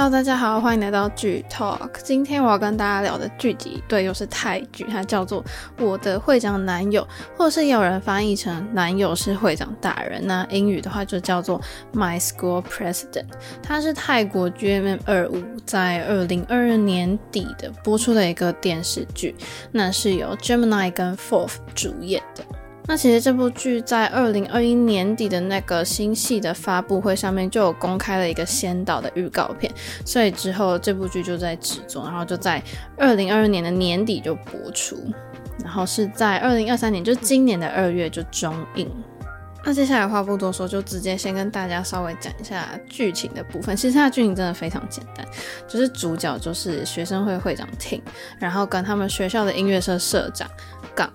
Hello，大家好，歡迎來到劇 Talk。今天我要跟大家聊的劇集，對，又是泰劇，它叫做《我的會長男友》，或是有人翻譯成“男友是會長大人”。那英語的話就叫做《My School President》。它是泰國 GMM25 在2022年底的播出的一個電視劇，那是由 Gemini 跟 Fourth 主演的。那其實這部劇在二零二一年底的那個新戲的發佈會上面就有公開了一個先導的預告片，所以之後這部劇就在製作，然後就在二零二二年的年底就播出，然後是在二零二三年，就是今年的二月就終映。那接下來話不多說，就直接先跟大家稍微講一下劇情的部分。其實它的劇情真的非常簡單，就是主角就是學生會會長 Ting，然後跟他們學校的音樂社社長槓。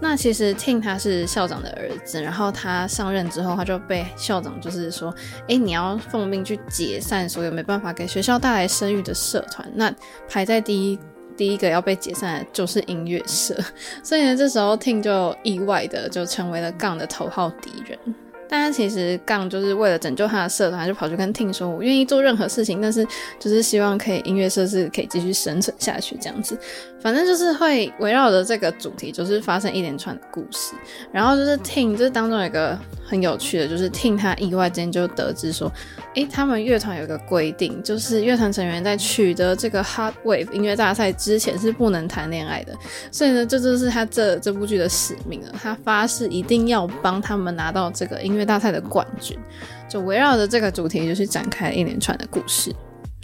那其實 Ting 他是校長的兒子，然後他上任之後，他就被校長就是說，誒、欸，你要奉命去解散所有沒辦法給學校帶來聲譽的社團。那排在第一。第一個要被解散的就是音樂社，所以呢，這時候 Ting 就意外的就成為了槓的頭號敵人。大家其實槓就是為了拯救他的社團，就跑去跟 Ting 說：“我願意做任何事情，但是就是希望可以音樂社是可以繼續生存下去這樣子。”反正就是會圍繞着這個主題，就是發生一連串的故事。然後就是 Ting 就是當中有一個。很有趣的，就是聽他意外間就得知說，哎，他們樂團有一個規定，就是樂團成員在取得這個 Hot Wave 音樂大賽之前是不能談戀愛的。所以呢，這就是他這這部劇的使命了。他發誓一定要幫他們拿到這個音樂大賽的冠軍。就圍繞着這個主題，就是展開一連串的故事。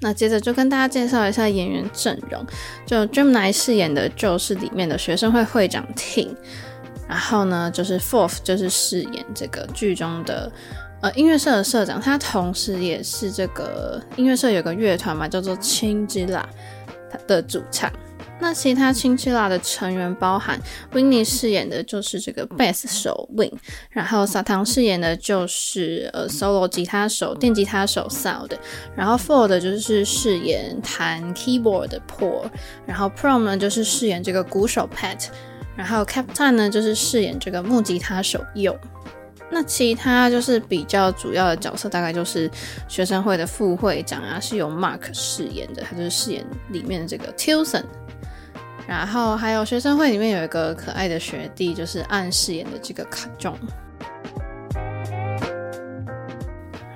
那接着就跟大家介紹一下演員陣容，就 Gemini 飾演的就是裡面的學生會會長 Ting 然後呢，就是 Fourth 就是飾演這個劇中的呃音樂社的社長，他同時也是這個音樂社有個樂團嘛，叫做青之辣，他的主唱。那其他青之辣的成員包含 Winnie 飾演的就是這個 bass 手 Win，然後 Satang 飾演的就是呃 solo 吉他手、電吉他手 Sound，然後 Ford 就是飾演彈 keyboard 的 Poor，然後 Prom 呢就是飾演這個鼓手 Pat。然後 Captain 呢，就是飾演這個木吉他手右。那其他就是比較主要的角色，大概就是學生會的副會長啊，是由 Mark 飾演的，他就是飾演裡面的這個 Tilson。然後還有學生會裡面有一個可愛的學弟，就是暗飾演的這個 Kajon。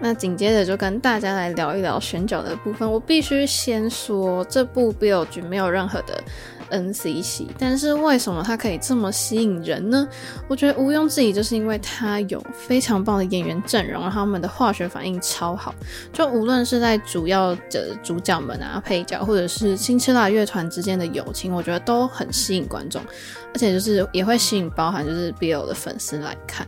那緊接着就跟大家來聊一聊選角的部分。我必須先說，這部 BL 劇沒有任何的。N C C，但是為什麼它可以這麼吸引人呢？我覺得毋庸置疑，就是因為他有非常棒的演員陣容，然後他們的化學反應超好。就無論是在主要的主角們啊、配角，或者是青丘辣樂團之間的友情，我覺得都很吸引觀眾，而且就是也會吸引包含就是 B L 的粉絲來看。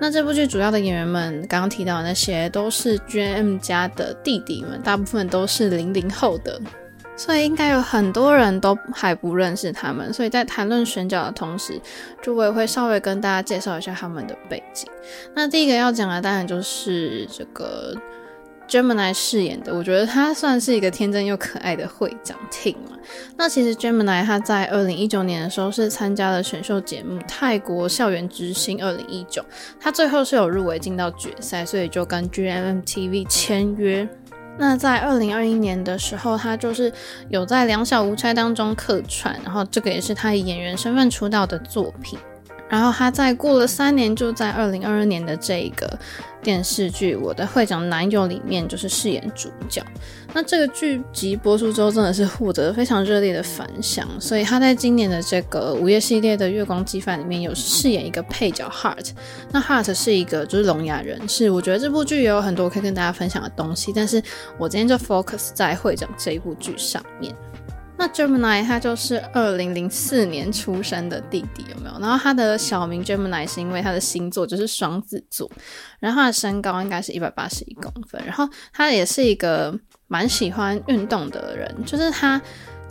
那這部劇主要的演員們剛剛提到的那些都是 G M 家的弟弟們，大部分都是零零後的。所以應該有很多人都還不認識他們，所以在談論選角的同時，就我也會稍微跟大家介紹一下他們的背景。那第一個要講的當然就是這個 Gemini 飾演的，我覺得他算是一個天真又可愛的會長 Tinn 嘛。那其實 Gemini 他在二零一九年的時候是參加了選秀節目《泰國校園之星二零一九》，他最後是有入圍進到決賽，所以就跟 GMMTV 簽約。那在二零二一年的時候，他就是有在《兩小無猜》當中客串，然後這個也是他以演員身份出道的作品。然後他在過了三年，就在二零二二年的這個電視劇《我的會長男友》裡面，就是飾演主角。那這個劇集播出之後，真的是獲得了非常熱烈的反響。所以他在今年的這個午夜系列的《月光雞飯》裡面有飾演一個配角 Heart。那 Heart 是一個就是聾啞人士，我覺得這部劇也有很多可以跟大家分享的東西。但是我今天就 focus 在會長這一部劇上面。那 Gemini 他就是二零零四年出生的弟弟，有沒有？然後他的小名 Gemini 是因為他的星座就是雙子座，然後他的身高應該是一百八十一公分，然後他也是一個蠻喜歡運動的人，就是他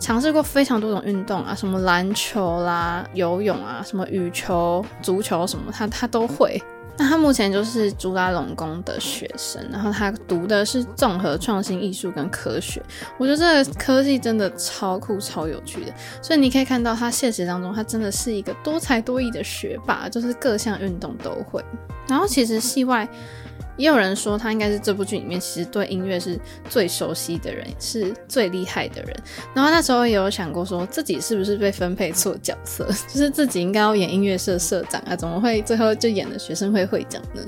嘗試過非常多種運動啊，什麼籃球啦、游泳啊、什麼羽球、足球什麼，他他都會。那他目前就是朱拉隆功的學生，然後他讀的是綜合創新藝術跟科學，我覺得這個科系真的超酷超有趣的，所以你可以看到他現實當中，他真的是一個多才多藝的學霸，就是各項運動都會。然後其實戲外。也有人說他應該是這部劇裡面其實對音樂是最熟悉的人，是最厲害的人。然後那時候也有想過，說自己是不是被分配錯角色，就是自己應該要演音樂社社長啊，怎麼會最後就演了學生會會長呢？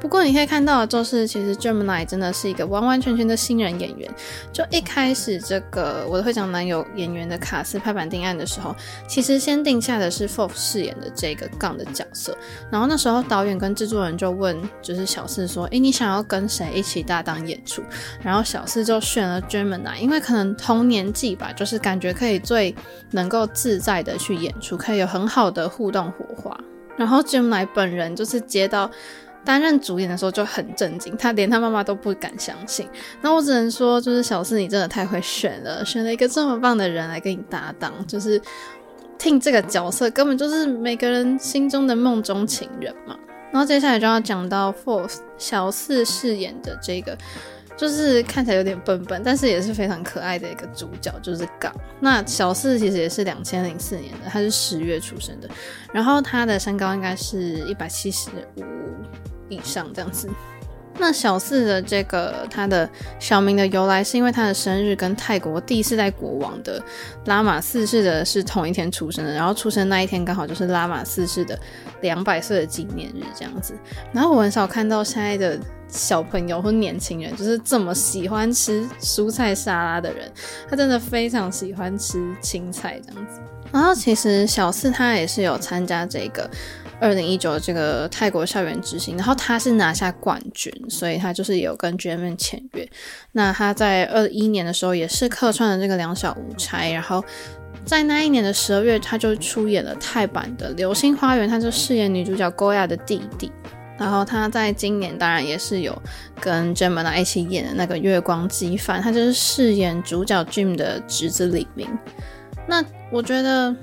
不過你可以看到，就是其實 Gemini 真的是一個完完全全的新人演員。就一開始這個我的會長男友演員的卡斯拍板定案的時候，其實先定下的是 Fourth 飾演的這個槓的角色。然後那時候導演跟製作人就問，就是小四說：“哎，你想要跟誰一起搭檔演出？”然後小四就選了 Gemini，因為可能同年紀吧，就是感覺可以最能夠自在的去演出，可以有很好的互動火花。然後 Gemini 本人就是接到。擔任主演的時候就很震驚，他連他媽媽都不敢相信。那我只能說，就是小四你真的太會選了，選了一個這麼棒的人來跟你搭檔。就是聽這個角色，根本就是每個人心中的夢中情人嘛。然後接下來就要講到 Fourth 小四飾演的這個，就是看起來有點笨笨，但是也是非常可愛的一個主角，就是槓。那小四其實也是兩千零四年的，他是十月出生的，然後他的身高應該是一百七十五。以上這樣子，那小四的這個他的小名的由來，是因為他的生日跟泰國第四代國王的拉瑪四世的是同一天出生的，然後出生那一天剛好就是拉瑪四世的兩百歲的紀念日這樣子。然後我很少看到現在的小朋友或年輕人，就是這麼喜歡吃蔬菜沙拉的人，他真的非常喜歡吃青菜這樣子。然後其實小四他也是有參加這個。二零一九這個泰國校園之星，然後他是拿下冠軍，所以他就是有跟 GMM 簽約。那他在二一年的時候也是客串了這個兩小無猜，然後在那一年的十二月，他就出演了泰版的流星花園，他就飾演女主角 Goya 的弟弟。然後他在今年當然也是有跟 Gemini 一起演的那個月光雞飯，他就是飾演主角 Jim 的侄子李明。那我覺得。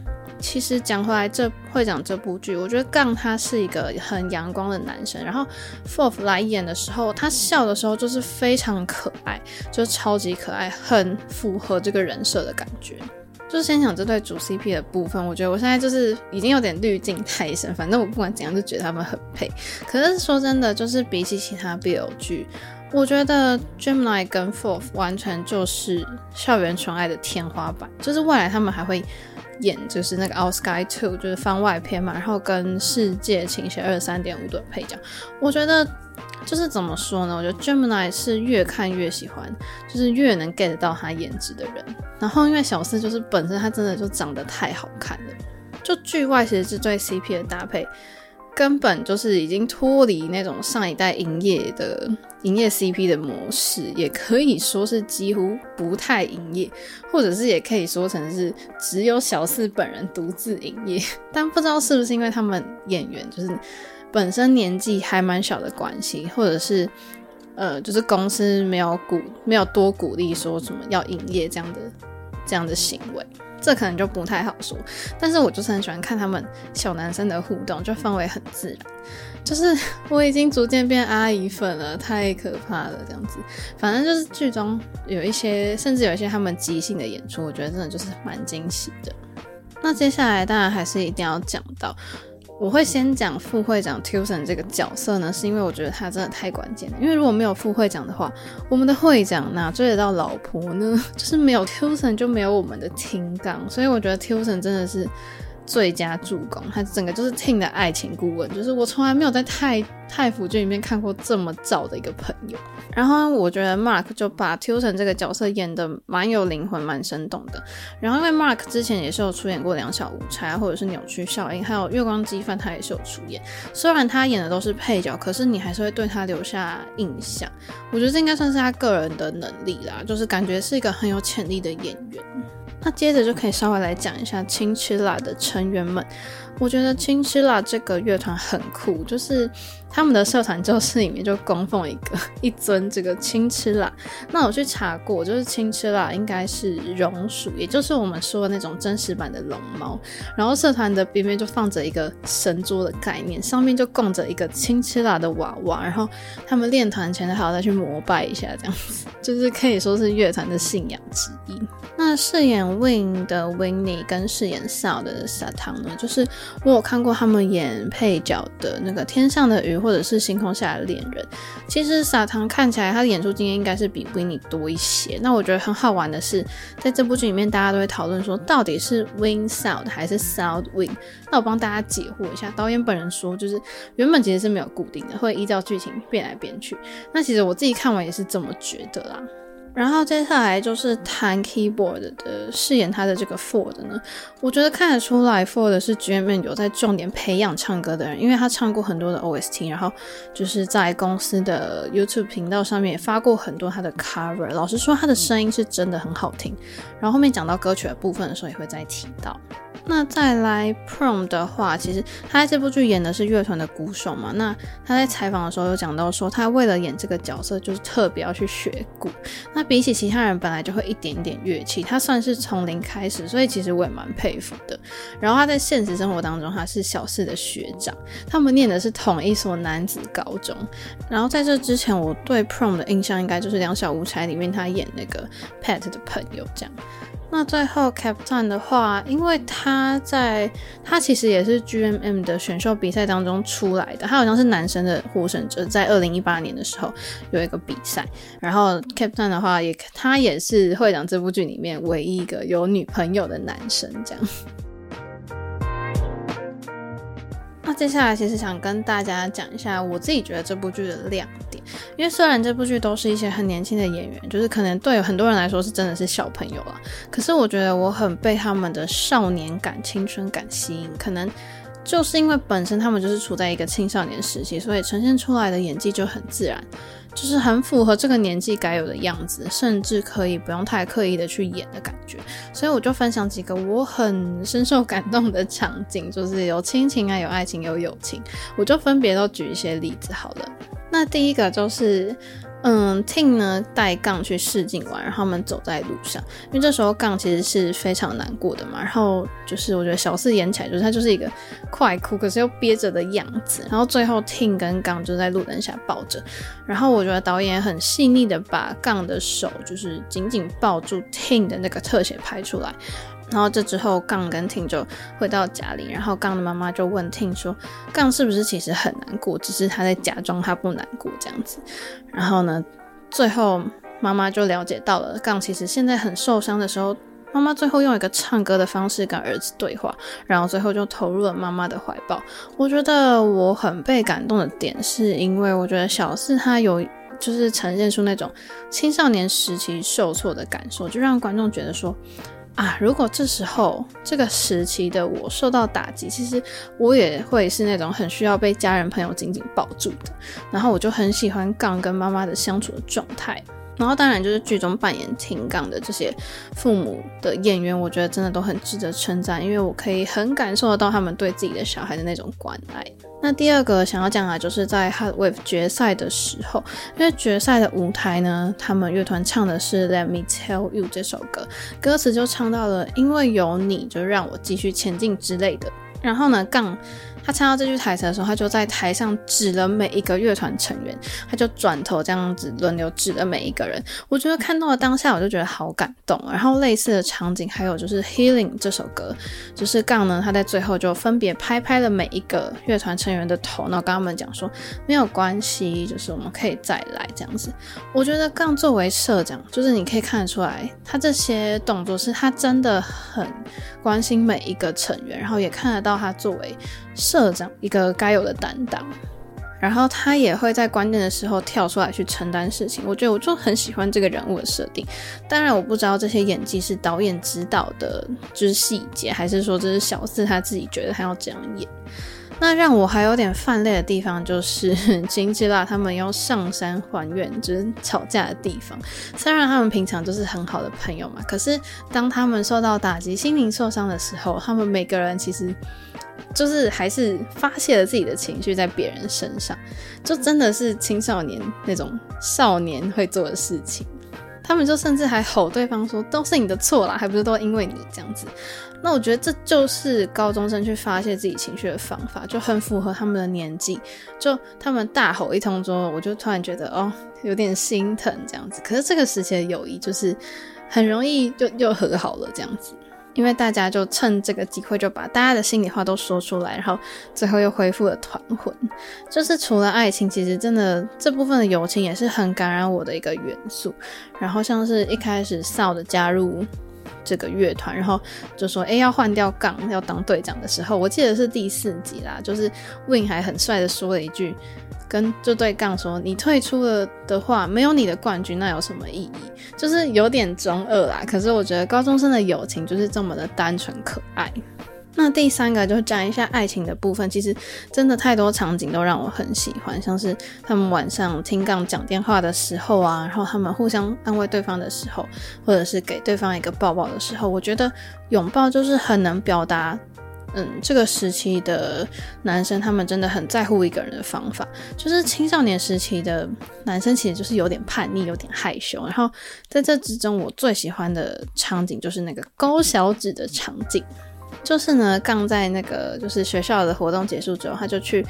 其實講回來這，這會講這部劇，我覺得槓他是一個很陽光的男生，然後 fourth 來演的時候，他笑的時候就是非常可愛，就超級可愛，很符合這個人設的感覺。就是先講這對主 C P 的部分，我覺得我現在就是已經有點濾鏡太深，反正我不管怎樣就覺得他們很配。可是說真的，就是比起其他 BL 劇，我覺得 Gemini 跟 Fourth 完全就是校園純愛的天花板，就是未來他們還會。演就是那個《Out Sky Two》就是番外篇嘛，然後跟《世界傾斜23.5度》的配角，我覺得就是怎麼說呢，我覺得 Gemini 是越看越喜歡，就是越能 get 到他顏值的人。然後因為小四就是本身他真的就長得太好看了，就劇外其實是對 CP 的搭配。根本就是已經脫離那種上一代營業的營業 CP 的模式，也可以說是幾乎不太營業，或者是也可以說成是只有小四本人獨自營業。但不知道是不是因為他們演員就是本身年紀還蠻小的關係，或者是呃，就是公司沒有鼓，沒有多鼓勵說什麼要營業這樣的，這樣的行為。這可能就不太好說，但是我就是很喜歡看他們小男生的互動，就氛圍很自然。就是我已經逐漸變阿姨粉了，太可怕了，這樣子。反正就是劇中有一些，甚至有一些他們即興的演出，我覺得真的就是蠻驚喜的。那接下來當然還是一定要講到。我會先講副會長 Tuson 這個角色呢，是因為我覺得他真的太關鍵了。因為如果沒有副會長的話，我們的會長哪追得到老婆呢？就是沒有 Tuson 就沒有我們的 TinnGun，所以我覺得 Tuson 真的是。最佳助攻，他整個就是 Tin 的愛情顧問，就是我從來沒有在泰、泰腐劇裡面看過這麼罩的一個朋友。然後我覺得 Mark 就把 Tiwson 這個角色演的蠻有靈魂、蠻生動的。然後因為 Mark 之前也是有出演過《兩小無猜》或者是《扭曲效應》還有《月光雞飯》，他也是有出演。雖然他演的都是配角，可是你還是會對他留下印象。我覺得這應該算是他個人的能力啦，就是感覺是一個很有潛力的演員。那接着就可以稍微來講一下青吃辣的成員們。我覺得青吃辣這個樂團很酷，就是他們的社團教室裡面就供奉一個一尊這個青吃辣。那我去查過，就是青吃辣應該是絨鼠，也就是我們說的那種真實版的龍貓。然後社團的邊邊就放着一個神桌的概念，上面就供着一個青吃辣的娃娃。然後他們練團前還要再去膜拜一下，這樣子就是可以說是樂團的信仰之一。那飾演 Win 的 Winnie 跟飾演 Sound 的 Satang 呢，就是。我有看過他們演配角的那個《天上的魚》，或者是《星空下的戀人》。其實撒糖看起來他的演出經驗應該是比 Winnie 多一些。那我覺得很好玩的是，在這部劇裡面，大家都會討論說到底是 Win South 還是 South Win。那我幫大家解惑一下，導演本人說就是原本其實是沒有固定的，會依照劇情變來變去。那其實我自己看完也是這麼覺得啦。然後接下來就是彈 keyboard 的，飾演他的這個 Ford 呢，我覺得看得出來 Ford 是 GMM 有在重點培養唱歌的人，因為他唱過很多的 OST，然後就是在公司的 YouTube 頻道上面也發過很多他的 cover。老實說，他的聲音是真的很好聽。然後後面講到歌曲的部分的時候也會再提到。那再來 Prom 的話，其實他在這部劇演的是樂團的鼓手嘛。那他在採訪的時候有講到說，他為了演這個角色就是特別要去學鼓。那比起其他人本來就會一點點樂器，他算是從零開始，所以其實我也蠻佩服的。然後他在現實生活當中他是小四的學長，他們念的是同一所男子高中。然後在這之前，我對 Prom 的印象應該就是《兩小無猜》裡面他演那個 Pat 的朋友這樣。那最後 Captain 的話，因為他在他其實也是 GMM 的選秀比賽當中出來的，他好像是男生的獲勝者，在二零一八年的時候有一個比賽。然後 Captain 的話也他也是會長這部劇裡面唯一一個有女朋友的男生，這樣。那接下來其實想跟大家講一下我自己覺得這部劇的亮點。因為雖然這部劇都是一些很年輕的演員，就是可能對很多人來說是真的是小朋友了，可是我覺得我很被他們的少年感、青春感吸引，可能。就是因為本身他們就是處在一個青少年時期，所以呈現出來的演技就很自然，就是很符合這個年紀該有的樣子，甚至可以不用太刻意的去演的感覺。所以我就分享幾個我很深受感動的場景，就是有親情啊，有愛情，有友情，我就分別都舉一些例子好了。那第一個就是，嗯，Tin 呢帶槓去試鏡完，然後他們走在路上，因為這時候槓其實是非常難過的嘛。然後就是我覺得小四演起來就是他就是一個快哭可是又憋着的樣子。然後最後 Tin 跟槓就在路燈下抱着，然後我覺得導演很細膩的把槓的手就是緊緊抱住 Tin 的那個特寫拍出來。然後這之後，槓跟婷就回到家裡，然後槓的媽媽就問婷說：“槓是不是其實很難過？只是他在假裝他不難過這樣子。”然後呢，最後媽媽就了解到了槓其實現在很受傷的時候，媽媽最後用一個唱歌的方式跟兒子對話，然後最後就投入了媽媽的懷抱。我覺得我很被感動的點，是因為我覺得小四他有就是呈現出那種青少年時期受挫的感受，就讓觀眾覺得說。啊！如果這時候這個時期的我受到打擊，其實我也會是那種很需要被家人朋友緊緊抱住的。然後我就很喜歡槓跟媽媽的相處的狀態。然後當然就是劇中扮演婷槓的這些父母的演員，我覺得真的都很值得稱讚，因為我可以很感受得到他們對自己的小孩的那種關愛。那第二個想要講的，就是在《Hot Wave》決賽的時候，因為決賽的舞台呢，他們樂團唱的是《Let Me Tell You》這首歌，歌詞就唱到了“因為有你就讓我繼續前進”之類的。然後呢，槓。他唱到這句台詞的時候，他就在台上指了每一個樂團成員，他就轉頭這樣子輪流指了每一個人。我覺得看到了當下，我就覺得好感動。然後類似的場景還有就是《Healing》這首歌，就是槓呢，他在最後就分別拍拍了每一個樂團成員的頭，然後跟他們講說沒有關係，就是我們可以再來這樣子。我覺得槓作為社長，就是你可以看得出來，他這些動作是他真的很關心每一個成員，然後也看得到他作為。社長一個該有的擔當，然後他也會在關鍵的時候跳出來去承擔事情。我覺得我就很喜歡這個人物的設定。當然我不知道這些演技是導演指導的，就是細節，還是說這是小四他自己覺得他要這樣演。那讓我還有點泛淚的地方就是金智辣他們要上山還願，就是吵架的地方。雖然他們平常就是很好的朋友嘛，可是當他們受到打擊、心靈受傷的時候，他們每個人其實。就是還是發洩了自己的情緒在別人身上，就真的是青少年那種少年會做的事情。他們就甚至還吼對方說：“都是你的錯啦，還不是都因為你這樣子。”那我覺得這就是高中生去發洩自己情緒的方法，就很符合他們的年紀。就他們大吼一通之後，我就突然覺得哦，有點心疼這樣子。可是這個時期的友誼就是很容易就又，又和好了這樣子。因為大家就趁這個機會就把大家的心裡話都說出來，然後最後又恢復了團魂。就是除了愛情，其實真的這部分的友情也是很感染我的一個元素。然後像是一開始少的加入這個樂團，然後就說誒，要換掉槓要當隊長的時候，我記得是第四集啦，就是 Win 還很帥的說了一句。跟就對槓說，你退出了的話，沒有你的冠軍，那有什麼意義？就是有點中二啦。可是我覺得高中生的友情就是這麼的單純可愛。那第三個就講一下愛情的部分，其實真的太多場景都讓我很喜歡，像是他們晚上聽槓講電話的時候啊，然後他們互相安慰對方的時候，或者是給對方一個抱抱的時候，我覺得擁抱就是很能表達。嗯，這個時期的男生他們真的很在乎一個人的方法，就是青少年時期的男生其實就是有點叛逆，有點害羞。然後在這之中，我最喜歡的場景就是那個勾小指的場景，就是呢，剛在那個就是學校的活動結束之後，他就去。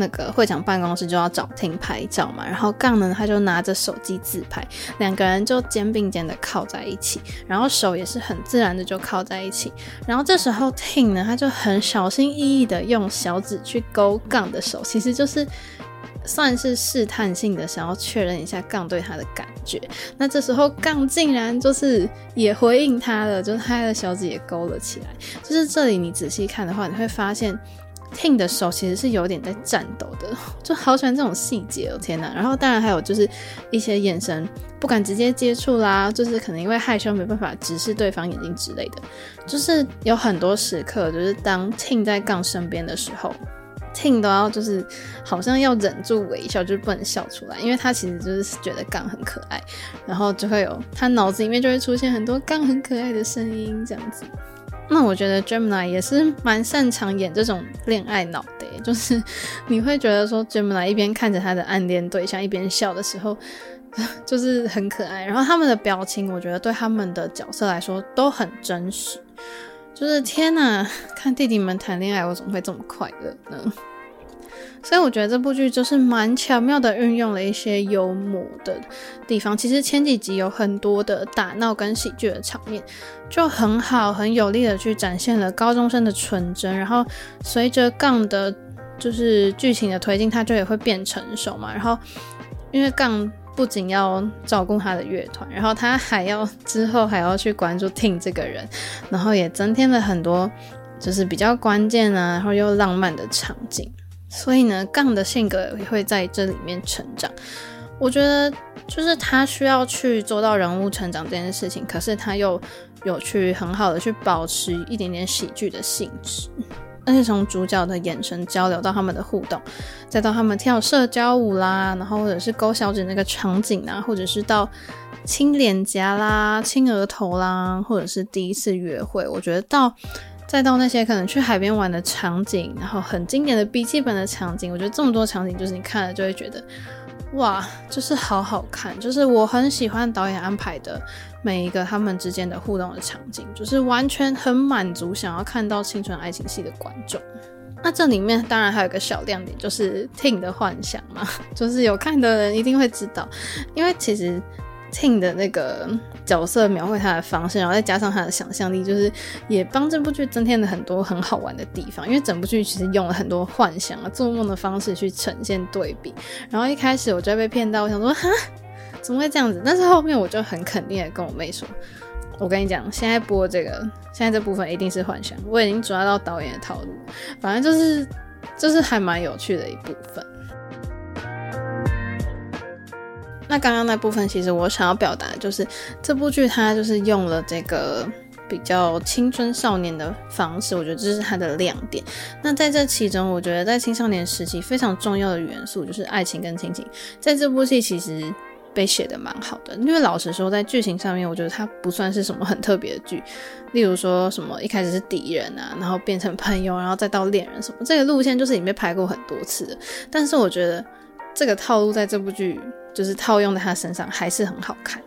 那個會長辦公室就要找 tin 拍照嘛，然後槓呢他就拿着手機自拍，兩個人就肩並肩的靠在一起，然後手也是很自然的就靠在一起，然後這時候 tin 呢他就很小心翼翼的用小指去勾槓的手，其實就是算是試探性的想要確認一下槓對他的感覺。那這時候槓竟然就是也回應他了，就是他的小指也勾了起來。就是這裡你仔細看的話，你會發現。Tinn 的手其實是有點在顫抖的，就好喜歡這種細節哦，天哪！然後當然還有就是一些眼神不敢直接接觸啦，就是可能因為害羞沒辦法直視對方眼睛之類的，就是有很多時刻，就是當 Tinn 在 Gun 身邊的時候，Tinn 都要就是好像要忍住微笑，就是不能笑出來，因為他其實就是覺得 Gun 很可愛，然後就會有他腦子裡面就會出現很多 Gun 很可愛的聲音這樣子。那我覺得 Gemini 也是蠻擅長演這種戀愛腦的，就是你會覺得說 Gemini 一邊看着他的暗戀對象一邊笑的時候，就是很可愛。然後他們的表情，我覺得對他們的角色來說都很真實。就是天哪，看弟弟們談戀愛，我怎麼會這麼快樂呢？所以我覺得這部劇就是蠻巧妙的運用了一些幽默的地方。其實前幾集有很多的打鬧跟喜劇的場面，就很好，很有力的去展現了高中生的純真。然後隨着槓的，就是劇情的推進，他就也會變成熟嘛。然後因為槓不僅要照顧他的樂團，然後他還要之後還要去關注 Ting 這個人，然後也增添了很多就是比較關鍵啊，然後又浪漫的場景。所以呢，槓的性格也會在這裡面成長。我覺得，就是他需要去做到人物成長這件事情，可是他又有去很好的去保持一點點喜劇的性質。而且從主角的眼神交流到他們的互動，再到他們跳社交舞啦，然後或者是勾小指那個場景啊，或者是到親臉頰啦、親額頭啦，或者是第一次約會，我覺得到。再到那些可能去海邊玩的場景，然後很經典的筆記本的場景，我覺得這麼多場景，就是你看了就會覺得，哇，就是好好看，就是我很喜歡導演安排的每一個他們之間的互動的場景，就是完全很滿足想要看到青春愛情戲的觀眾。那這裡面當然還有一個小亮點，就是 Tinn 的幻想嘛，就是有看的人一定會知道，因為其實。Tin 的那個角色描繪他的方式，然後再加上他的想象力，就是也幫這部劇增添了很多很好玩的地方。因為整部劇其實用了很多幻想啊、做夢的方式去呈現對比。然後一開始我就被騙到，我想說哈，怎麼會這樣子？但是後面我就很肯定地跟我妹說：“我跟你講，現在播這個，現在這部分一定是幻想。我已經抓到導演的套路，反正就是就是還蠻有趣的一部分。”那剛剛那部分，其實我想要表達的就是這部劇它就是用了這個比較青春少年的方式，我覺得這是它的亮點。那在這其中，我覺得在青少年時期非常重要的元素就是愛情跟親情，在這部戲其實被寫得蠻好的。因為老實說，在劇情上面，我覺得它不算是什麼很特別的劇。例如說什麼一開始是敵人啊，然後變成朋友，然後再到戀人什麼，這個路線就是已經被拍過很多次了。但是我覺得這個套路在這部劇。就是套用在他身上還是很好看，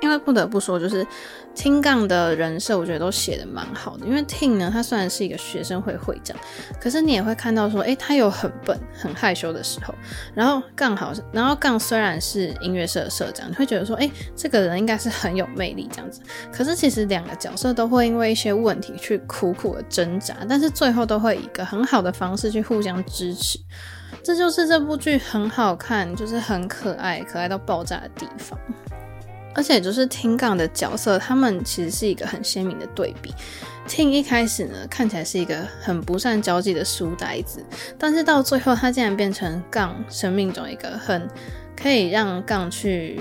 因為不得不說，就是聽槓的人設我覺得都寫得蠻好的。因為聽呢，他雖然是一個學生會會長，可是你也會看到說，哎、欸，他有很笨、很害羞的時候。然後槓好，然後槓雖然是音樂社的社長，你會覺得說，哎、欸，這個人應該是很有魅力這樣子。可是其實兩個角色都會因為一些問題去苦苦的掙扎，但是最後都會以一個很好的方式去互相支持。這就是這部劇很好看，就是很可愛，可愛到爆炸的地方。而且就是聽槓的角色，他們其實是一個很鮮明的對比。聽一開始呢，看起來是一個很不善交際的書呆子，但是到最後，他竟然變成槓生命中一個很可以讓槓去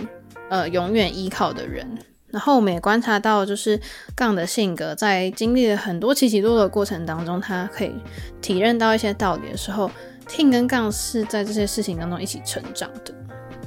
呃永遠依靠的人。然後我們也觀察到，就是槓的性格在經歷了很多起起落落的過程當中，他可以體認到一些道理的時候。Tin 跟槓是在這些事情當中一起成長的，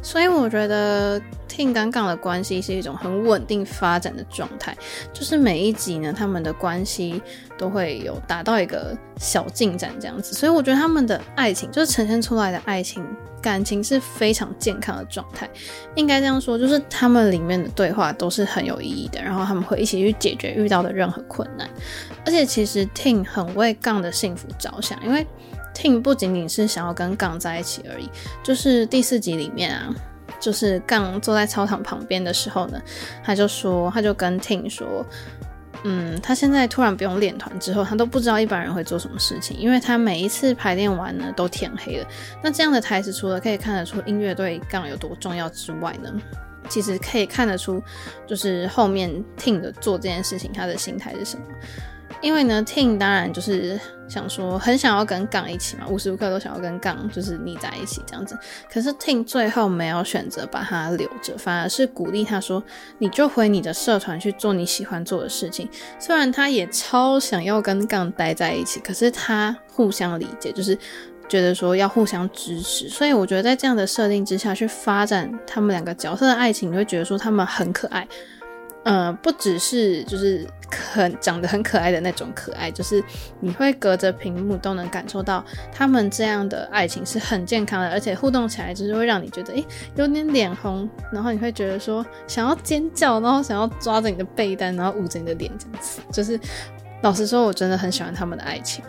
所以我覺得 Tin 跟槓的關係是一種很穩定發展的狀態。就是每一集呢，他們的關係都會有達到一個小進展這樣子，所以我覺得他們的愛情就是呈現出來的愛情感情是非常健康的狀態。應該這樣說，就是他們裡面的對話都是很有意義的，然後他們會一起去解決遇到的任何困難，而且其實 Tin 很為槓的幸福着想，因為，Ting 不僅僅是想要跟 Gun 在一起而已，就是第四集裡面啊，就是 Gun 坐在操場旁邊的時候呢，他就說，他就跟 Ting 說，嗯，他現在突然不用練團之後，他都不知道一般人會做什麼事情，因為他每一次排練完呢，都天黑了。那這樣的台詞除了可以看得出音樂對 Gun 有多重要之外呢，其實可以看得出，就是後面 Ting 的做這件事情，他的心態是什麼？因為呢，Ting 當然就是想說很想要跟槓一起嘛，無時無刻都想要跟槓就是膩在一起這樣子。可是 Ting 最後沒有選擇把他留着，反而是鼓勵他說：“你就回你的社團去做你喜歡做的事情。”雖然他也超想要跟槓待在一起，可是他互相理解，就是覺得說要互相支持。所以我覺得在這樣的設定之下去發展他們兩個角色的愛情，你會覺得說他們很可愛。嗯、呃，不只是就是很長得很可愛的那種可愛，就是你會隔着屏幕，都能感受到他們這樣的愛情是很健康的，而且互動起來就是會讓你覺得誒、欸，有點臉紅，然後你會覺得說想要尖叫，然後想要抓着你的被單，然後捂着你的臉這樣子。就是老實說，我真的很喜歡他們的愛情。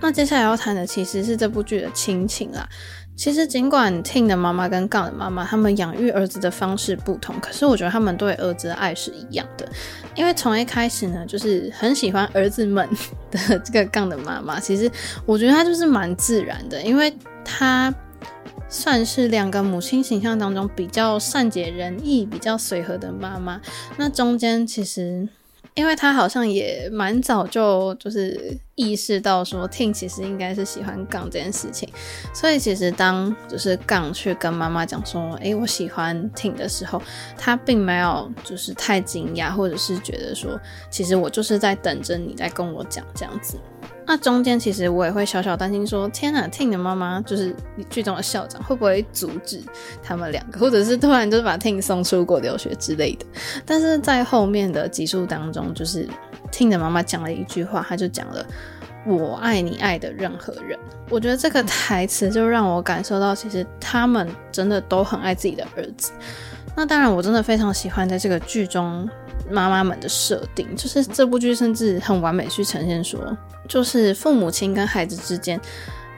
那接下來要談的其實是這部劇的親情啦。其實，儘管 Tin 的媽媽跟 Gang 的媽媽他們養育兒子的方式不同，可是我覺得他們對兒子的愛是一樣的。因為從一開始呢，就是很喜歡兒子們的這個 Gang 的媽媽，其實我覺得她就是蠻自然的，因為她算是兩個母親形象當中比較善解人意、比較隨和的媽媽。那中間其實。因為他好像也蠻早就就是意識到說，聽其實應該是喜歡槓這件事情，所以其實當就是槓去跟媽媽講說，誒，我喜歡聽的時候，他並沒有就是太驚訝，或者是覺得說，其實我就是在等着你在跟我講這樣子。那中間其實我也會小小擔心說，說天哪，啊，Tinn 的媽媽就是劇中的校長會不會阻止他們兩個，或者是突然就把 Tinn 送出國留學之類的？但是在後面的集數當中，就是 Tinn 的媽媽講了一句話，她就講了“我愛你愛的任何人”，我覺得這個台詞就讓我感受到，其實他們真的都很愛自己的兒子。那當然，我真的非常喜歡在這個劇中。媽媽們的設定，就是這部劇甚至很完美去呈現說，就是父母親跟孩子之間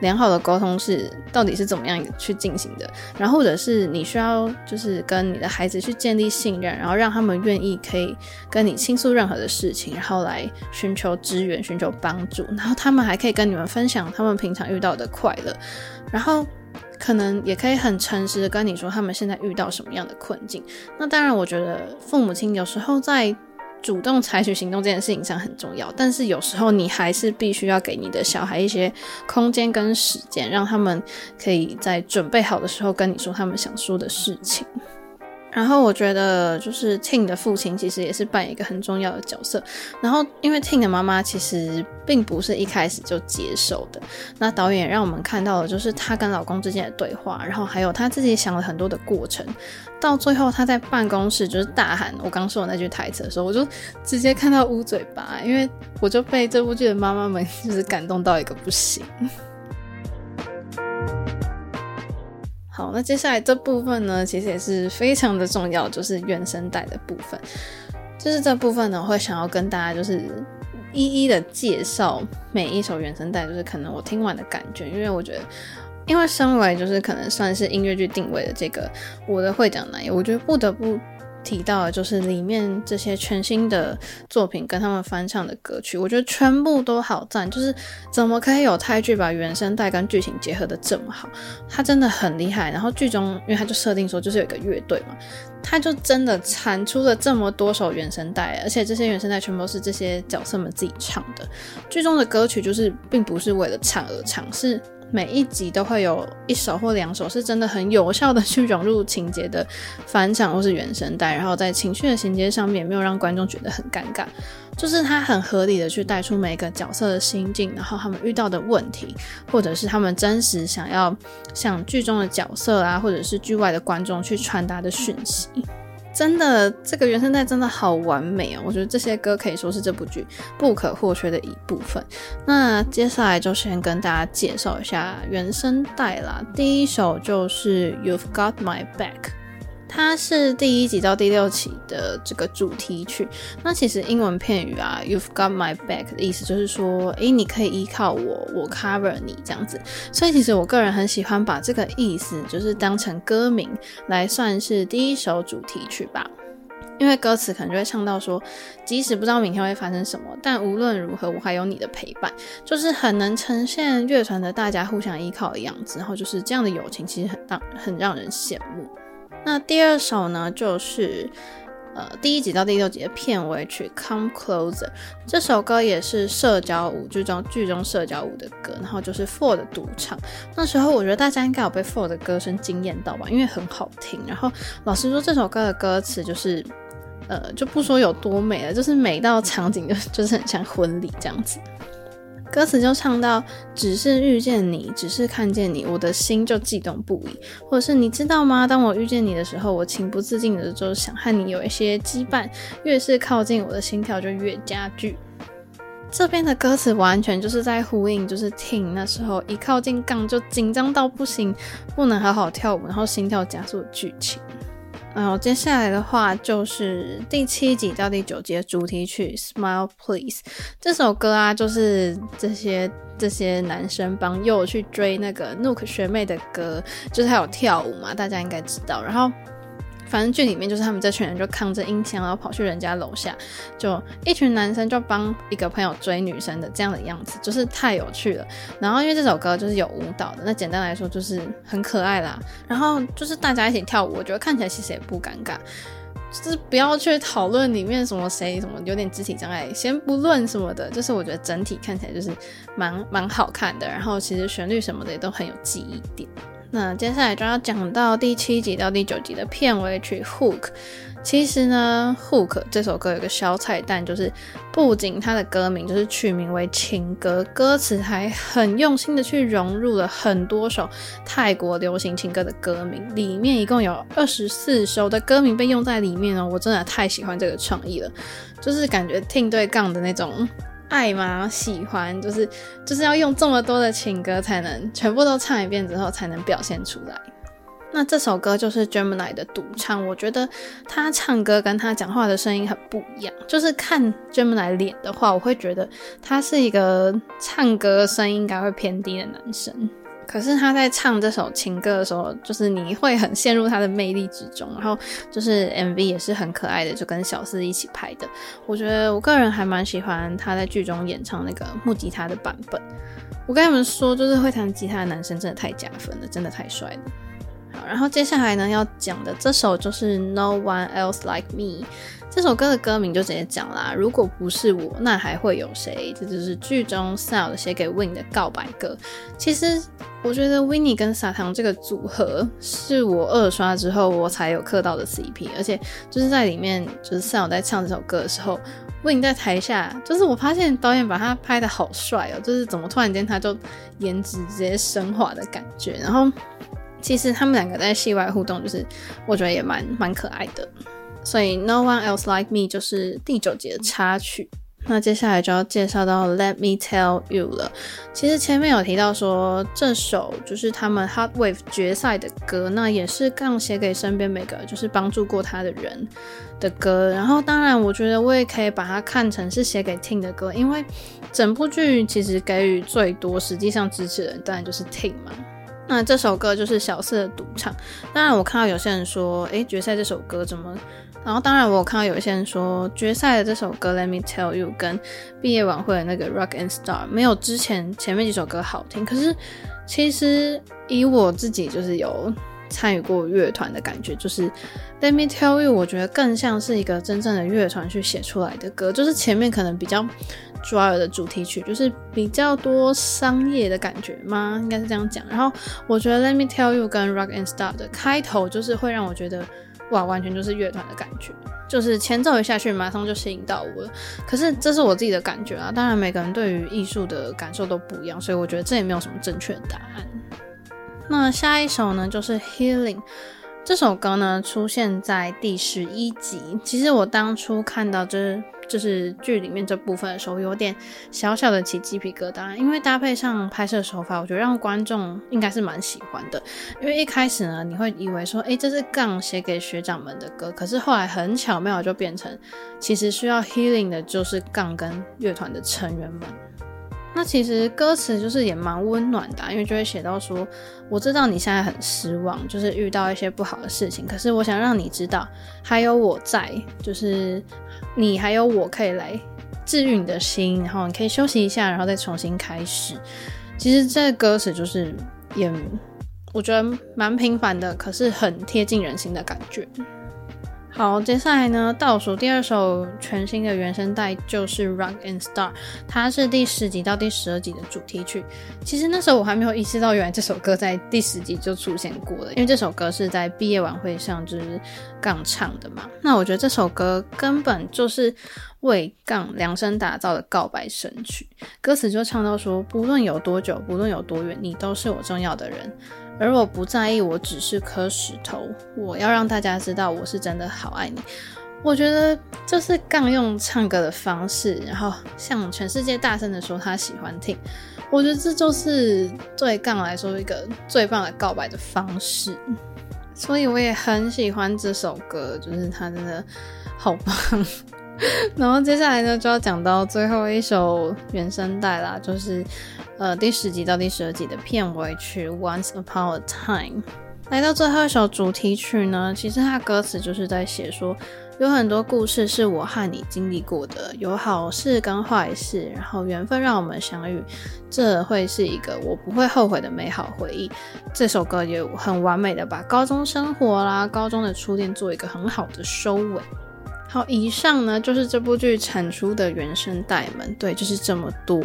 良好的溝通是到底是怎麼樣去進行的，然後或者是你需要就是跟你的孩子去建立信任，然後讓他們願意可以跟你傾訴任何的事情，然後來尋求支援、尋求幫助，然後他們還可以跟你們分享他們平常遇到的快樂，然後。可能也可以很誠實的跟你說，他們現在遇到什麼樣的困境。那當然，我覺得父母親有時候在主動採取行動這件事情上很重要，但是有時候你還是必須要給你的小孩一些空間跟時間，讓他們可以在準備好的時候跟你說他們想說的事情。然後我覺得，就是 Ting 的父親其實也是扮演一個很重要的角色。然後，因為 Ting 的媽媽其實並不是一開始就接受的。那導演讓我們看到的就是她跟老公之間的對話，然後還有她自己想了很多的過程。到最後，她在辦公室就是大喊我剛說的那句台詞的時候，我就直接看到捂嘴巴，因為我就被這部劇的媽媽們就是感動到一個不行。好，那接下來這部分呢，其實也是非常的重要，就是原聲帶的部分。就是這部分呢，我會想要跟大家就是一一的介紹每一首原聲帶，就是可能我聽完的感覺，因為我覺得，因為身為就是可能算是音樂劇定位的這個我的會長男友，我覺得不得不。提到的就是裡面這些全新的作品跟他們翻唱的歌曲，我覺得全部都好讚。就是怎麼可以有泰劇把原聲帶跟劇情結合得這麼好，他真的很厲害。然後劇中，因為他就設定說就是有一個樂隊嘛，他就真的產出了這麼多首原聲帶，而且這些原聲帶全部都是這些角色們自己唱的。劇中的歌曲就是並不是為了唱而唱，是。每一集都會有一首或兩首是真的很有效的去融入情節的翻唱或是原聲帶，然後在情緒的銜接上面沒有讓觀眾覺得很尷尬，就是他很合理的去帶出每個角色的心境，然後他們遇到的問題，或者是他們真實想要向劇中的角色啊，或者是劇外的觀眾去傳達的訊息。真的，這個原聲帶真的好完美啊、哦！我覺得這些歌可以說是這部劇不可或缺的一部分。那接下來就先跟大家介紹一下原聲帶啦。第一首就是《You've Got My Back》。它是第一集到第六集的這個主題曲。那其實英文片語啊，You've got my back 的意思就是說，誒，你可以依靠我，我 cover 你這樣子。所以其實我個人很喜歡把這個意思就是當成歌名來算是第一首主題曲吧。因為歌詞可能就會唱到說，即使不知道明天會發生什麼，但無論如何我還有你的陪伴，就是很能呈現樂團的大家互相依靠的樣子。然後就是這樣的友情其實很讓很讓人羨慕。那第二首呢，就是呃第一集到第六集的片尾曲《Come Closer》，這首歌也是社交舞劇中劇中社交舞的歌，然後就是 Fourth 的獨唱。那時候我覺得大家應該有被 Fourth 的歌聲驚豔到吧，因為很好聽。然後老實說，這首歌的歌詞就是，呃，就不說有多美了，就是美到場景就就是很像婚禮這樣子。歌詞就唱到，只是遇見你，只是看見你，我的心就悸動不已。或者是你知道嗎？當我遇見你的時候，我情不自禁的就想和你有一些羈絆。越是靠近，我的心跳就越加劇。這邊的歌詞完全就是在呼應，就是聽那時候一靠近槓就緊張到不行，不能好好跳舞，然後心跳加速劇情。然後接下來的話，就是第七集到第九集的主題曲《Smile Please》這首歌啊，就是這些這些男生幫佑去追那個 Nook 學妹的歌，就是他有跳舞嘛，大家應該知道。然後。反正劇裡面就是他們這群人就扛着音箱，然後跑去人家樓下，就一群男生就幫一個朋友追女生的這樣的樣子，就是太有趣了。然後因為這首歌就是有舞蹈的，那簡單來說就是很可愛啦。然後就是大家一起跳舞，我覺得看起來其實也不尷尬，就是不要去討論裡面什麼誰什麼有點肢體障礙，先不論什麼的，就是我覺得整體看起來就是蠻蠻好看的。然後其實旋律什麼的也都很有記憶點。那接下來就要講到第七集到第九集的片尾曲《Hook》。其實呢，《Hook》這首歌有個小彩蛋，就是不僅它的歌名就是取名為情歌，歌詞還很用心地去融入了很多首泰國流行情歌的歌名，裡面一共有二十四首的歌名被用在裡面哦、喔。我真的太喜歡這個創意了，就是感覺聽對槓的那種。愛嗎？喜歡就是，就是要用這麼多的情歌才能全部都唱一遍之後才能表現出來。那這首歌就是 Gemini 的獨唱，我覺得他唱歌跟他講話的聲音很不一樣。就是看 Gemini 臉的話，我會覺得他是一個唱歌聲音應該會偏低的男生。可是他在唱這首情歌的時候，就是你會很陷入他的魅力之中，然後就是 MV 也是很可愛的，就跟小四一起拍的。我覺得我個人還蠻喜歡他在劇中演唱那個木吉他的版本。我跟你們說，就是會彈吉他的男生真的太加分了，真的太帥了。好，然後接下來呢，要講的這首就是《No One Else Like Me》。這首歌的歌名就直接講啦。如果不是我，那還會有誰？這就是劇中 Sao 寫給 Win 的告白歌。其實我覺得 Winnie 跟撒糖這個組合是我二刷之後我才有刻到的 CP。而且就是在裡面，就是 Sao 在唱這首歌的時候，Win 在台下，就是我發現導演把他拍的好帥哦、喔，就是怎麼突然間他就顏值直接升華的感覺。然後其實他們兩個在戲外互動，就是我覺得也蠻蠻可愛的。所以 No one else like me 就是第九集的插曲。嗯、那接下來就要介紹到 Let me tell you 了。其實前面有提到說，這首就是他們 Hot Wave 決賽的歌，那也是更寫給身邊每個人就是幫助過他的人的歌。然後當然，我覺得我也可以把它看成是寫給 Ting 的歌，因為整部劇其實給予最多、實際上支持的人當然就是 Ting 嘛。那這首歌就是小四的獨唱。當然，我看到有些人說，誒、欸，決賽這首歌怎麼？然後，當然，我有看到有一些人說，決賽的這首歌《Let Me Tell You》跟畢業晚會的那個《Rock and Star》沒有之前前面幾首歌好聽。可是，其實以我自己就是有參與過樂團的感覺，就是《Let Me Tell You》我覺得更像是一個真正的樂團去寫出來的歌。就是前面可能比較抓耳的主題曲，就是比較多商業的感覺嗎？應該是這樣講。然後，我覺得《Let Me Tell You》跟《Rock and Star》的開頭就是會讓我覺得。哇，完全就是樂團的感覺，就是前奏一下去，馬上就吸引到我了。可是這是我自己的感覺啊，當然每個人對於藝術的感受都不一樣，所以我覺得這也沒有什麼正確的答案。那下一首呢，就是《Healing》這首歌呢，出現在第十一集。其實我當初看到就是。就是劇裡面這部分的時候，有點小小的起雞皮疙瘩，因為搭配上拍攝手法，我覺得讓觀眾應該是蠻喜歡的。因為一開始呢，你會以為說，哎、欸，這是槓寫給學長們的歌，可是後來很巧妙的就變成，其實需要 healing 的就是槓跟樂團的成員們。那其實歌詞就是也蠻溫暖的啊，因為就會寫到說，我知道你現在很失望，就是遇到一些不好的事情，可是我想讓你知道，還有我在，就是你還有我可以來治癒你的心，然後你可以休息一下，然後再重新開始。其實這個歌詞就是也我覺得蠻平凡的，可是很貼近人心的感覺。好，接下來呢，倒數第二首全新的原聲帶就是《Rock and Star》，它是第十集到第十二集的主題曲。其實那時候我還沒有意識到，原來這首歌在第十集就出現過了，因為這首歌是在畢業晚會上就是槓唱的嘛。那我覺得這首歌根本就是為槓量身打造的告白神曲，歌詞就唱到說：“不論有多久，不論有多遠，你都是我重要的人。”而我不在意，我只是顆石頭。我要讓大家知道，我是真的好愛你。我覺得這是槓用唱歌的方式，然後向全世界大聲地說他喜歡聽。我覺得這就是對槓來說一個最棒的告白的方式。所以我也很喜歡這首歌，就是他真的好棒。 然後接下來呢，就要講到最後一首原聲帶啦，就是呃第十集到第十二集的片尾曲《Once Upon a Time》。來到最後一首主題曲呢，其實它歌詞就是在寫說，有很多故事是我和你經歷過的，有好事跟壞事，然後緣分讓我們相遇，這會是一個我不會後悔的美好回憶。這首歌也很完美地把高中生活啦、高中的初戀做一個很好的收尾。好，以上呢就是這部劇產出的原聲帶們，對，就是這麼多。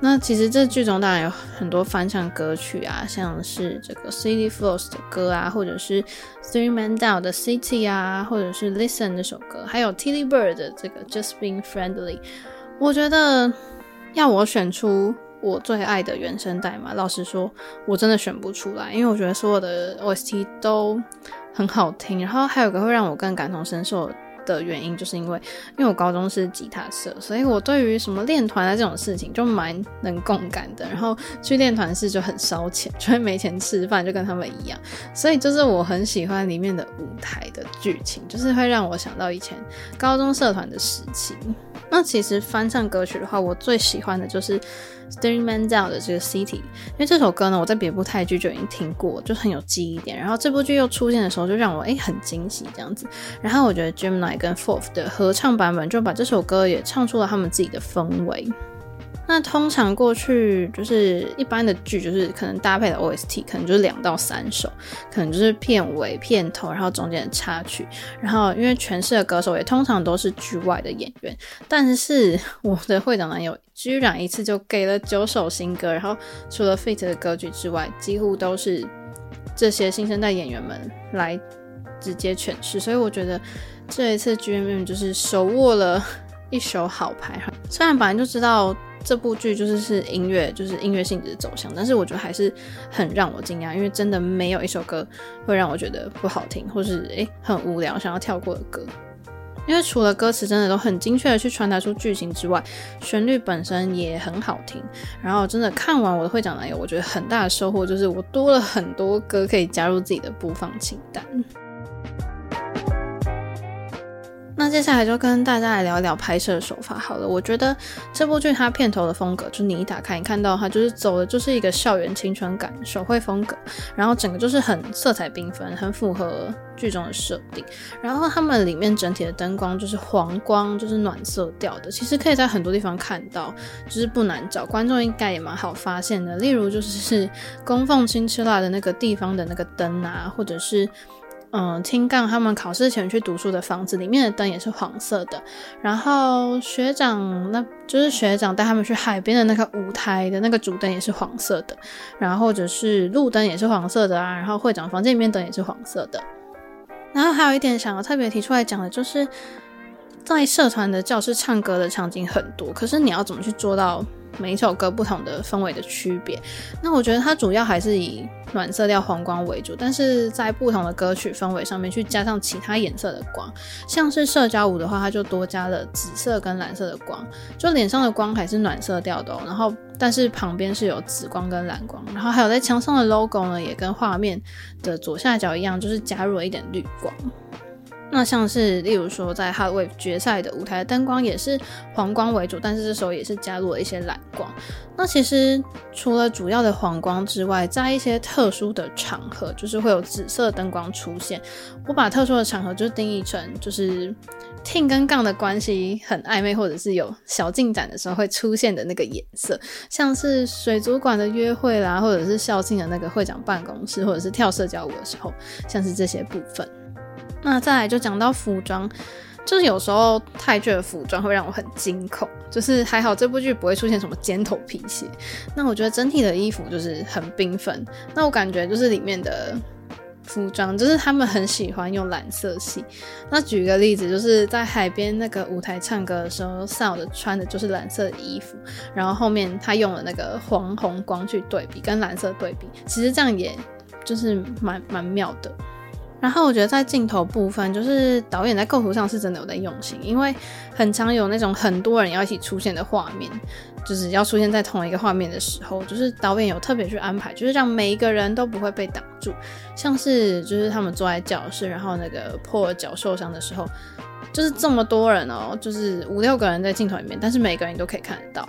那其實這劇中當然有很多翻唱歌曲啊，像是這個 City Flows 的歌啊，或者是 Three Man Down 的 City 啊，或者是 Listen 這首歌，還有 Tilly Bird 的這個 Just Being Friendly。我覺得要我選出我最愛的原聲帶嘛，老實說，我真的選不出來，因為我覺得所有的 OST 都很好聽。然後還有個會讓我更感同身受的。的原因就是因為，因為我高中是吉他社，所以我對於什麼練團啊這種事情就蠻能共感的。然後去練團室就很燒錢，就會沒錢吃飯，就跟他們一樣。所以就是我很喜歡裡面的舞台的劇情，就是會讓我想到以前高中社團的事情。那其實翻唱歌曲的話，我最喜歡的就是。Staring Man Down 的這個 City，因為這首歌呢，我在別部泰劇就已經聽過，就很有記憶點。然後這部劇又出現的時候，就讓我哎、欸、很驚喜這樣子。然後我覺得 Gemini 跟 Fourth 的合唱版本，就把這首歌也唱出了他們自己的氛圍。那通常過去就是一般的劇，就是可能搭配的 OST 可能就是兩到三首，可能就是片尾、片頭，然後中間的插曲。然後因為詮釋的歌手也通常都是劇外的演員，但是我的會長男友居然一次就給了九首新歌，然後除了 FIT 的歌曲之外，幾乎都是這些新生代演員們來直接詮釋。所以我覺得這一次 GMM 就是手握了一手好牌哈，雖然本來就知道。這部劇就是是音樂，就是音樂性質的走向，但是我覺得還是很讓我驚訝，因為真的沒有一首歌會讓我覺得不好聽，或是誒很無聊想要跳過的歌。因為除了歌詞真的都很精確地去傳達出劇情之外，旋律本身也很好聽。然後真的看完我的會長男友，我覺得很大的收穫就是我多了很多歌可以加入自己的播放清單。那接下來就跟大家來聊一聊拍攝的手法好了。我覺得這部劇它片頭的風格，就你一打開你看到它就是走的就是一個校園青春感手繪風格，然後整個就是很色彩繽紛，很符合劇中的設定。然後他們裡面整體的燈光就是黃光，就是暖色調的。其實可以在很多地方看到，就是不難找，觀眾應該也蠻好發現的。例如就是是供奉青吃辣的那個地方的那個燈啊，或者是。嗯，聽槓他們考試前去讀書的房子裡面的燈也是黃色的，然後學長那就是學長帶他們去海邊的那個舞台的那個主燈也是黃色的，然後或者是路燈也是黃色的啊，然後會長房間裡面燈也是黃色的，然後還有一點想要特別提出來講的就是，在社團的教室唱歌的場景很多，可是你要怎麼去做到？每一首歌不同的氛圍的區別，那我覺得它主要還是以暖色調黃光為主，但是在不同的歌曲氛圍上面去加上其他顏色的光，像是社交舞的話，它就多加了紫色跟藍色的光，就臉上的光還是暖色調的喔，然後但是旁邊是有紫光跟藍光，然後還有在牆上的 logo 呢，也跟畫面的左下角一樣，就是加入了一點綠光。那像是，例如說，在 Hotwave 決賽的舞台燈光也是黃光為主，但是這時候也是加入了一些藍光。那其實除了主要的黃光之外，在一些特殊的場合，就是會有紫色燈光出現。我把特殊的場合就定義成，就是 t 跟 Gang 的關係很曖昧，或者是有小進展的時候會出現的那個顏色，像是水族館的約會啦，或者是校慶的那個會長辦公室，或者是跳社交舞的時候，像是這些部分。那再來就講到服裝，就是有時候泰劇的服裝會讓我很驚恐，就是還好這部劇不會出現什麼尖頭皮鞋。那我覺得整體的衣服就是很繽紛。那我感覺就是裡面的服裝，就是他們很喜歡用藍色系。那舉個例子，就是在海邊那個舞台唱歌的時候，薩瓦的穿的就是藍色的衣服，然後後面他用了那個黃紅光去對比跟藍色對比，其實這樣也就是蠻蠻妙的。然後我覺得在鏡頭部分，就是導演在構圖上是真的有在用心，因為很常有那種很多人要一起出現的畫面，就是要出現在同一個畫面的時候，就是導演有特別去安排，就是讓每一個人都不會被擋住。像是就是他們坐在教室，然後那個破了腳受傷的時候，就是這麼多人哦，就是五六個人在鏡頭裡面，但是每個人都可以看得到。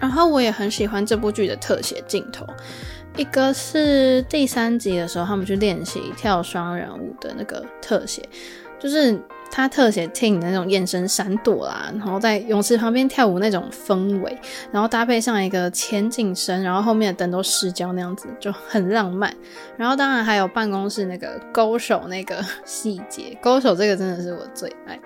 然後我也很喜歡這部劇的特寫鏡頭。一個是第三集的時候，他們去練習跳雙人舞的那個特寫，就是他特寫 Tin 的那種眼神閃躲啦、啊，然後在泳池旁邊跳舞那種氛圍，然後搭配上一個前景深，然後後面的燈都失焦那樣子，就很浪漫。然後當然還有辦公室那個勾手那個細節，勾手這個真的是我最愛。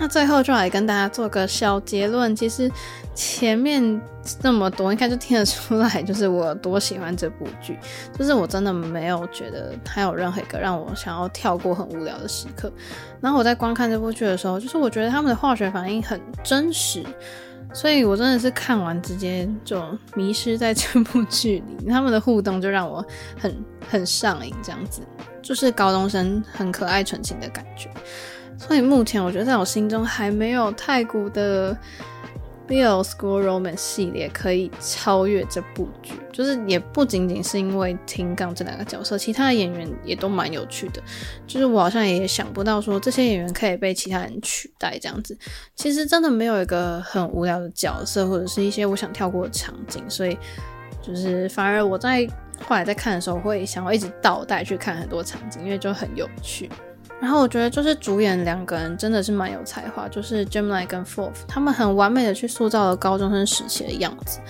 那最後就來跟大家做個小結論。其實前面這麼多，你看就聽得出來，就是我有多喜歡這部劇。就是我真的沒有覺得它有任何一個讓我想要跳過很無聊的時刻。然後我在觀看這部劇的時候，就是我覺得他們的化學反應很真實，所以我真的是看完直接就迷失在這部劇裡。他們的互動就讓我很很上癮，這樣子，就是高中生很可愛純情的感覺。所以目前我覺得，在我心中還沒有太古的《Bill School Roman》系列可以超越這部劇。就是也不僅僅是因為聽 i 這兩個角色，其他的演員也都蠻有趣的。就是我好像也想不到說這些演員可以被其他人取代這樣子。其實真的沒有一個很無聊的角色，或者是一些我想跳過的場景。所以就是反而我在後來在看的時候，會想要一直倒帶去看很多場景，因為就很有趣。然後我覺得就是主演兩個人真的是蠻有才華，就是 Gemini 跟 Fourth，他們很完美的去塑造了高中生時期的樣子，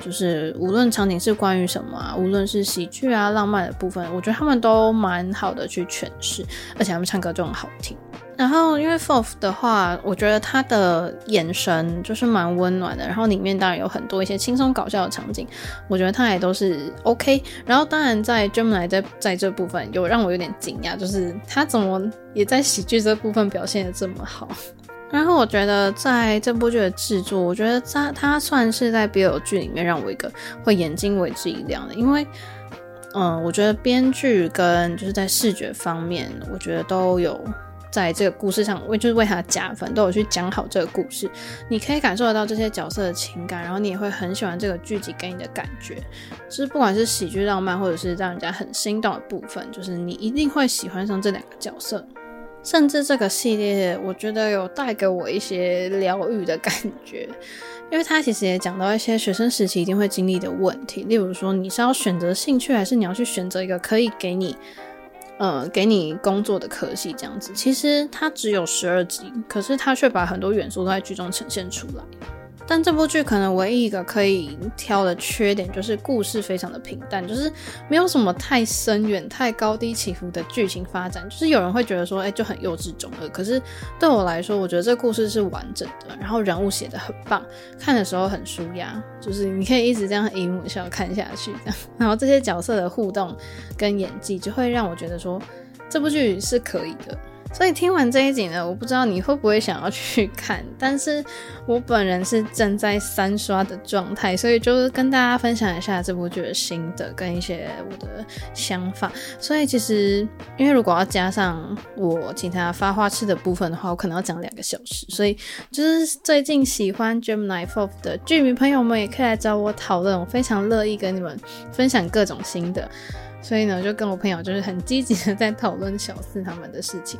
就是無論場景是關於什麼啊，無論是喜劇啊、浪漫的部分，我覺得他們都蠻好的去詮釋，而且他們唱歌就很好聽。然後，因為 Fourth 的話，我覺得他的眼神就是蠻溫暖的。然後裡面當然有很多一些輕鬆搞笑的場景，我覺得他也都是 OK。然後，當然在 Gemini 在在這部分有讓我有點驚訝，就是他怎麼也在喜劇這部分表現的這麼好。然後我覺得在這部劇的制作，我覺得他他算是在 BL 劇裡面讓我一個會眼睛為之一亮的，因為嗯，我覺得編劇跟就是在視覺方面，我覺得都有。在這個故事上，為就是為他加分，都有去講好這個故事。你可以感受得到這些角色的情感，然後你也會很喜歡這個劇集給你的感覺。就是不管是喜劇、浪漫，或者是讓人家很心動的部分，就是你一定會喜歡上這兩個角色。甚至這個系列，我覺得有帶給我一些療癒的感覺，因為他其實也講到一些學生時期一定會經歷的問題，例如說你是要選擇興趣，還是你要去選擇一個可以給你。呃、嗯，給你工作的可惜這樣子，其實它只有十二集，可是它卻把很多元素都在劇中呈現出來。但這部劇可能唯一一個可以挑的缺點就是故事非常的平淡，就是沒有什麼太深遠、太高低起伏的劇情發展。就是有人會覺得說，哎、欸，就很幼稚、中二。可是對我來說，我覺得這故事是完整的，然後人物寫得很棒，看的時候很舒壓，就是你可以一直這樣姨母笑看下去，然後這些角色的互動跟演技，就會讓我覺得說，這部劇是可以的。所以聽完這一集呢，我不知道你會不會想要去看，但是我本人是正在三刷的狀態，所以就是跟大家分享一下這部劇的心得跟一些我的想法。所以其實，因為如果要加上我其他發花痴的部分的話，我可能要講兩個小時。所以就是最近喜歡 GeminiFourth 的劇迷朋友們，也可以來找我討論，我非常樂意跟你們分享各種心得。所以呢，就跟我朋友就是很積極的在討論小四他們的事情。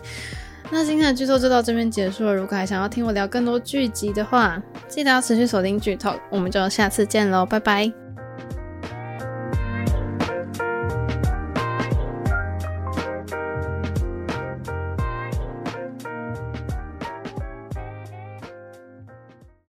那今天的劇透就到這邊結束了。如果還想要聽我聊更多劇集的話，記得要持續鎖定劇透。我們就下次見嘍，拜拜。